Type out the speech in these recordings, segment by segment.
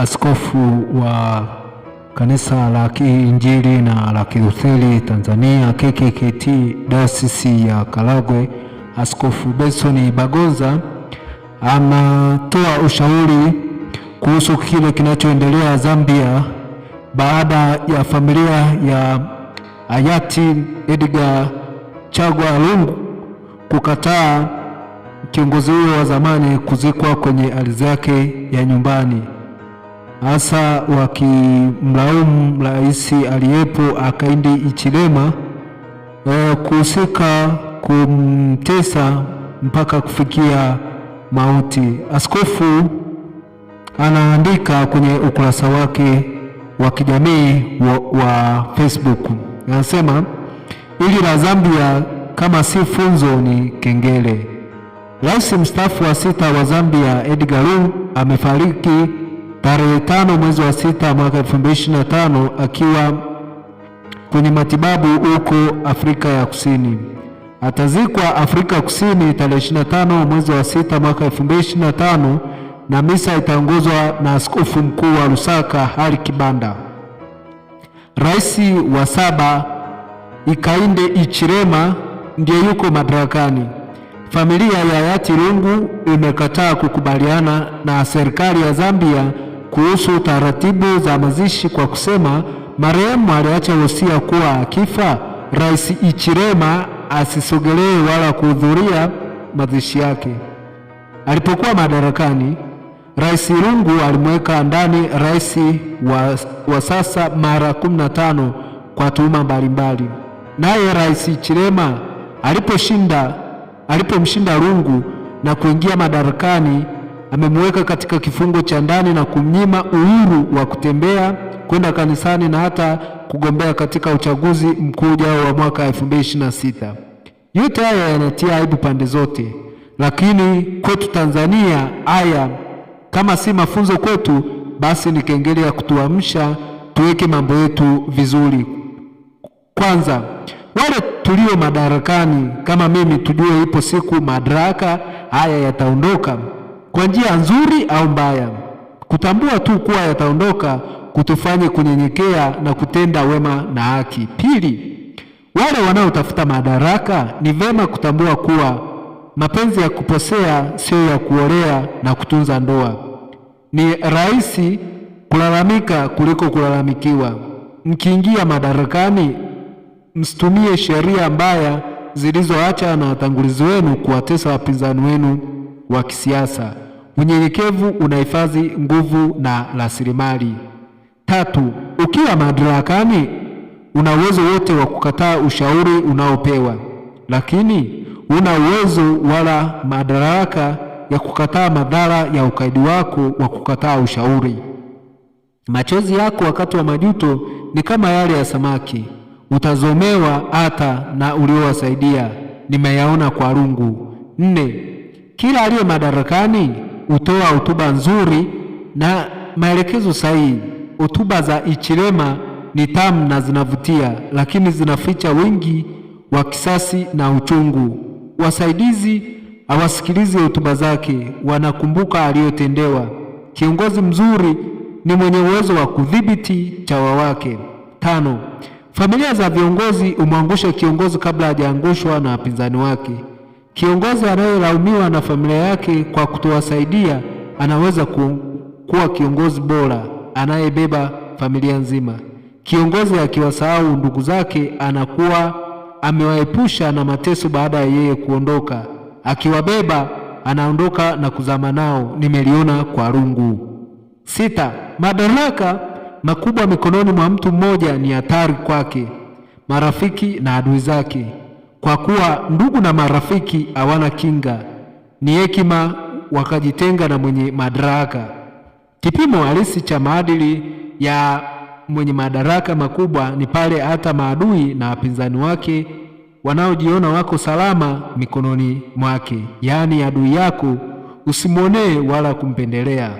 askofu wa kanisa la Kiinjili na la Kilutheri Tanzania KKKT Dayosisi ya Karagwe, Askofu Benson Bagonza anatoa ushauri kuhusu kile kinachoendelea Zambia baada ya familia ya hayati Edgar Chagwa Lungu kukataa kiongozi huyo wa zamani kuzikwa kwenye ardhi yake ya nyumbani hasa wakimlaumu rais aliyepo akaindi Ichilema e, eh, kuhusika kumtesa mpaka kufikia mauti. Askofu anaandika kwenye ukurasa wake wa kijamii wa, wa Facebook anasema, ili la Zambia kama si funzo ni kengele. Rais mstaafu wa sita wa Zambia Edgar Lungu amefariki tarehe tano mwezi wa sita mwaka 2025 akiwa kwenye matibabu huko Afrika ya Kusini. Atazikwa Afrika Kusini tarehe 25 mwezi wa sita mwaka 2025 na misa itaongozwa na askofu mkuu wa Lusaka Hari Kibanda. Rais wa saba ikainde ichirema ndiye yuko madarakani. Familia ya hayati Lungu imekataa kukubaliana na serikali ya Zambia kuhusu taratibu za mazishi kwa kusema marehemu aliacha wosia kuwa akifa Rais Ichirema asisogelee wala kuhudhuria mazishi yake. Alipokuwa madarakani, Rais Lungu alimweka ndani rais wa, wa sasa mara 15 kwa tuhuma mbalimbali. Naye Rais Ichirema aliposhinda alipomshinda Lungu na kuingia madarakani amemweka katika kifungo cha ndani na kumnyima uhuru wa kutembea kwenda kanisani na hata kugombea katika uchaguzi mkuu ujao wa mwaka 2026. Yote haya yanatia aibu pande zote, lakini kwetu Tanzania haya kama si mafunzo kwetu, basi ni kengele ya kutuamsha tuweke mambo yetu vizuri. Kwanza, wale tulio madarakani kama mimi, tujue ipo siku madaraka haya yataondoka kwa njia nzuri au mbaya. Kutambua tu kuwa yataondoka kutufanye kunyenyekea na kutenda wema na haki. Pili, wale wanaotafuta madaraka ni vema kutambua kuwa mapenzi ya kuposea sio ya kuolea na kutunza ndoa. Ni rahisi kulalamika kuliko kulalamikiwa. Mkiingia madarakani, msitumie sheria mbaya zilizoacha na watangulizi wenu kuwatesa wapinzani wenu wa kisiasa. Unyenyekevu unahifadhi nguvu na rasilimali. Tatu, ukiwa madarakani una uwezo wote wa kukataa ushauri unaopewa, lakini una uwezo wala madaraka ya kukataa madhara ya ukaidi wako wa kukataa ushauri. Machozi yako wakati wa majuto ni kama yale ya samaki, utazomewa hata na uliowasaidia. Nimeyaona kwa rungu. Nne, kila aliye madarakani hutoa hotuba nzuri na maelekezo sahihi. Hotuba za Ichilema ni tamu na zinavutia, lakini zinaficha wingi wa kisasi na uchungu. Wasaidizi hawasikilizi hotuba zake, wanakumbuka aliyotendewa. Kiongozi mzuri ni mwenye uwezo wa kudhibiti chawa wake. Tano, familia za viongozi umwangusha kiongozi kabla hajaangushwa na wapinzani wake. Kiongozi anayelaumiwa na familia yake kwa kutowasaidia anaweza ku, kuwa kiongozi bora anayebeba familia nzima. Kiongozi akiwasahau ndugu zake anakuwa amewaepusha na mateso baada ya yeye kuondoka. Akiwabeba anaondoka na kuzama nao. Nimeliona kwa rungu. Sita, madaraka makubwa mikononi mwa mtu mmoja ni hatari kwake, marafiki na adui zake kwa kuwa ndugu na marafiki hawana kinga, ni hekima wakajitenga na mwenye madaraka. Kipimo halisi cha maadili ya mwenye madaraka makubwa ni pale hata maadui na wapinzani wake wanaojiona wako salama mikononi mwake, yaani adui yako usimwonee wala kumpendelea.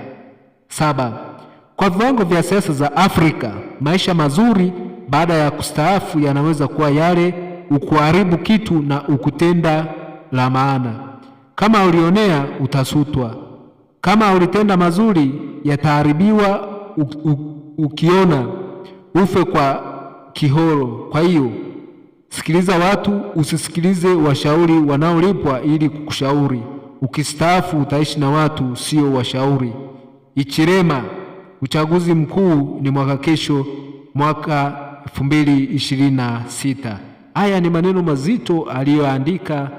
Saba, kwa viwango vya siasa za Afrika, maisha mazuri baada ya kustaafu yanaweza kuwa yale ukuharibu kitu na ukutenda la maana. Kama ulionea utasutwa, kama ulitenda mazuri yataharibiwa, ukiona ufe kwa kihoro. Kwa hiyo sikiliza watu, usisikilize washauri wanaolipwa ili kukushauri. Ukistaafu utaishi na watu, sio washauri. Ichirema, uchaguzi mkuu ni mwaka kesho, mwaka 2026. Haya ni maneno mazito aliyoandika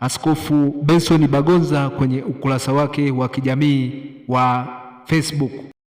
Askofu Benson Bagonza kwenye ukurasa wake wa kijamii wa Facebook.